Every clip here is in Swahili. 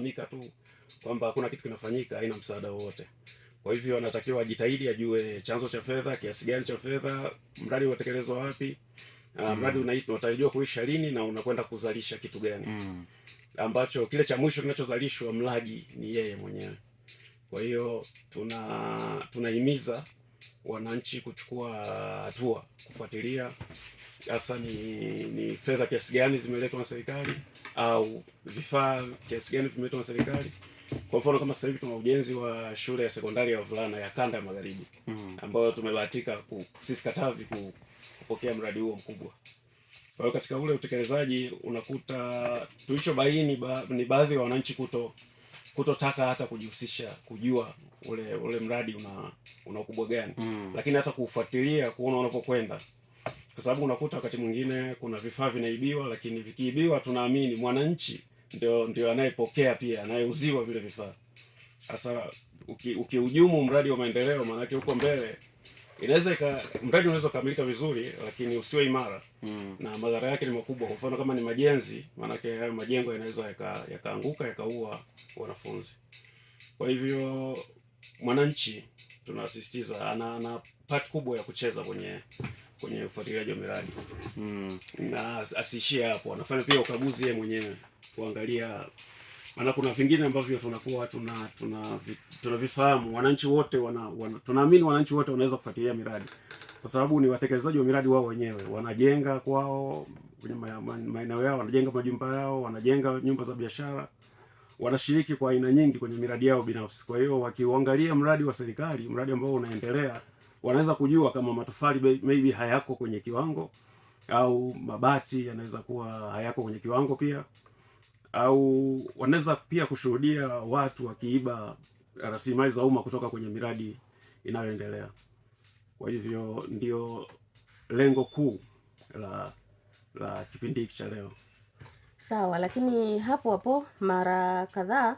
kufahamika tu kwamba hakuna kitu kinafanyika, haina msaada wowote. Kwa hivyo anatakiwa ajitahidi, ajue chanzo cha fedha, kiasi gani cha fedha, mradi unatekelezwa wapi, mm. mradi unatarajiwa kuisha lini na unakwenda kuzalisha kitu gani, mm. ambacho kile cha mwisho kinachozalishwa mlaji ni yeye mwenyewe. Kwa hiyo tuna tunahimiza wananchi kuchukua hatua, kufuatilia hasa ni, ni fedha kiasi gani zimeletwa na serikali au vifaa kiasi gani vimeletwa na serikali. Kwa mfano kama sasa hivi tuna ujenzi wa shule ya sekondari ya wavulana ya kanda ya magharibi mm. ambayo tumebahatika sisi Katavi kupokea mradi huo mkubwa. Kwa hiyo katika ule utekelezaji unakuta tulichobaini ba, ni baadhi ya wananchi kuto kutotaka hata kujihusisha kujua ule ule mradi una una ukubwa gani mm. lakini hata kuufuatilia kuona unapokwenda kwa sababu unakuta wakati mwingine kuna vifaa vinaibiwa, lakini vikiibiwa, tunaamini mwananchi ndio ndio anayepokea pia anayeuziwa vile vifaa. Sasa ukihujumu uki mradi wa maendeleo, maanake huko mbele inaweza ka mradi unaweza kukamilika vizuri, lakini usiwe imara mm. na madhara yake ni makubwa. Kwa mfano kama ni majenzi, maanake hayo majengo yanaweza yakaanguka yaka yakaua wanafunzi. Kwa hivyo mwananchi tunasisitiza ana, ana part kubwa ya kucheza kwenye kwenye ufuatiliaji wa miradi mm. na asiishie hapo, anafanya pia ukaguzi yeye mwenyewe kuangalia, maana kuna vingine ambavyo tunakuwa tuna tunavifahamu tuna wananchi wote wana, wana tunaamini wananchi wote wanaweza kufuatilia miradi kwa sababu ni watekelezaji wa miradi wao wenyewe, wanajenga kwao kwenye maeneo yao, wanajenga majumba yao, wanajenga nyumba za biashara wanashiriki kwa aina nyingi kwenye miradi yao binafsi. Kwa hiyo wakiuangalia mradi wa serikali, mradi ambao unaendelea, wanaweza kujua kama matofali maybe hayako kwenye kiwango au mabati yanaweza kuwa hayako kwenye kiwango pia, au wanaweza pia kushuhudia watu wakiiba rasilimali za umma kutoka kwenye miradi inayoendelea. Kwa hivyo ndio lengo kuu la la kipindi hiki cha leo sawa, lakini hapo hapo mara kadhaa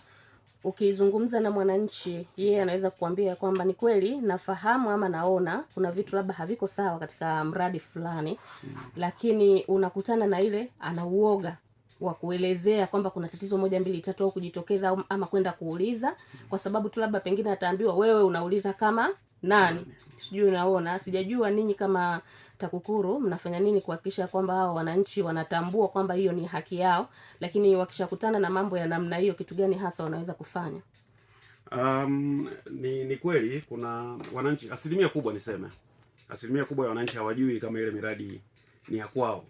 ukizungumza na mwananchi, yeye anaweza kukuambia kwamba ni kweli nafahamu ama naona kuna vitu labda haviko sawa katika mradi fulani hmm. Lakini unakutana na ile ana uoga wa kuelezea kwamba kuna tatizo moja mbili tatu, au kujitokeza ama kwenda kuuliza, hmm. kwa sababu tu labda pengine ataambiwa wewe unauliza kama nani, sijui unaona. Sijajua ninyi kama TAKUKURU mnafanya nini kuhakikisha kwamba hao wananchi wanatambua kwamba hiyo ni haki yao, lakini wakishakutana na mambo ya namna hiyo, kitu gani hasa wanaweza kufanya? Um, ni, ni kweli kuna wananchi asilimia kubwa, niseme asilimia kubwa ya wananchi hawajui kama ile miradi ni ya kwao,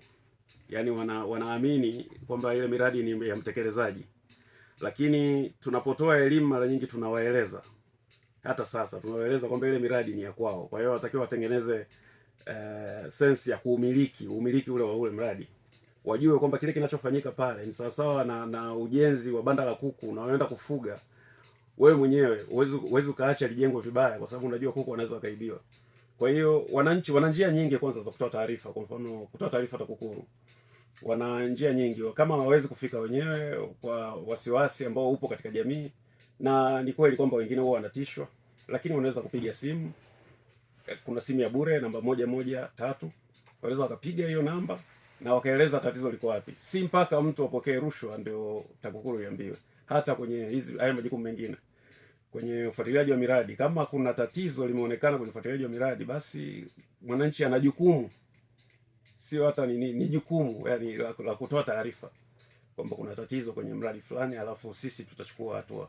yaani wana, wanaamini kwamba ile miradi ni ya mtekelezaji, lakini tunapotoa elimu mara nyingi tunawaeleza hata sasa tunaeleza kwamba ile miradi ni ya kwao, kwa hiyo watakiwa watengeneze uh, eh, sensi ya kuumiliki umiliki ule wa ule mradi, wajue kwamba kile kinachofanyika pale ni sawasawa na, na ujenzi wa banda la kuku unaoenda kufuga wewe mwenyewe. Huwezi ukaacha lijengwe vibaya, kwa sababu unajua kuku wanaweza wakaibiwa. Kwa hiyo wananchi wana njia nyingi kwanza za kutoa taarifa, kwa mfano kutoa taarifa TAKUKURU wana njia nyingi, kama hawawezi kufika wenyewe, kwa wasiwasi ambao upo katika jamii na ni kweli kwamba wengine huwa wanatishwa, lakini wanaweza kupiga simu. Kuna simu ya bure namba moja moja tatu, wanaweza wakapiga hiyo namba na wakaeleza tatizo liko wapi. Si mpaka mtu apokee rushwa ndio TAKUKURU iambiwe, hata kwenye hizi haya majukumu mengine kwenye ufuatiliaji wa miradi, kama kuna tatizo limeonekana kwenye ufuatiliaji wa miradi, basi mwananchi ana jukumu, sio hata ni, ni ni jukumu yani la kutoa taarifa kwamba kuna tatizo kwenye mradi fulani, alafu sisi tutachukua hatua.